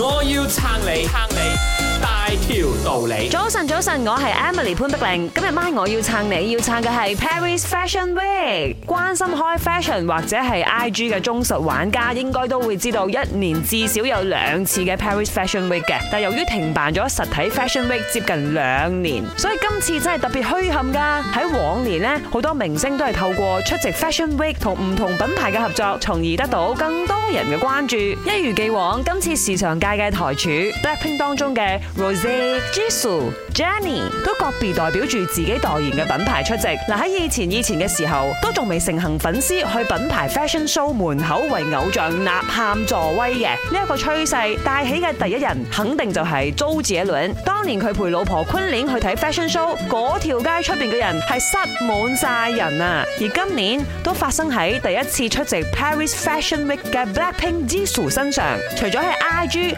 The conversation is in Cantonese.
我要撐你，撐你大條道理。早晨，早晨，我係 Emily 潘碧玲。今日晚我要撐你，要撐嘅係 Paris Fashion Week。關心開 fashion 或者係 IG 嘅忠實玩家，應該都會知道一年至少有兩次嘅 Paris Fashion Week 嘅。但由於停辦咗實體 fashion week 接近兩年，所以今次真係特別虛冚㗎。喺往年呢，好多明星都係透過出席 fashion week 同唔同品牌嘅合作，從而得到更多人嘅關注。一如既往，今次市場界嘅台柱，BLACKPINK 當中嘅 Rosie、Jisoo、Jennie 都個別代表住自己代言嘅品牌出席。嗱，喺以前以前嘅時候，都仲未盛行粉絲去品牌 fashion show 門口為偶像吶喊助威嘅呢一個趨勢，帶起嘅第一人肯定就係周杰倫。當年佢陪老婆昆凌去睇 fashion show，嗰條街出邊嘅人係塞滿晒人啊！而今年都發生喺第一次出席 Paris Fashion Week 嘅 BLACKPINK Jisoo 身上。除咗喺 IG，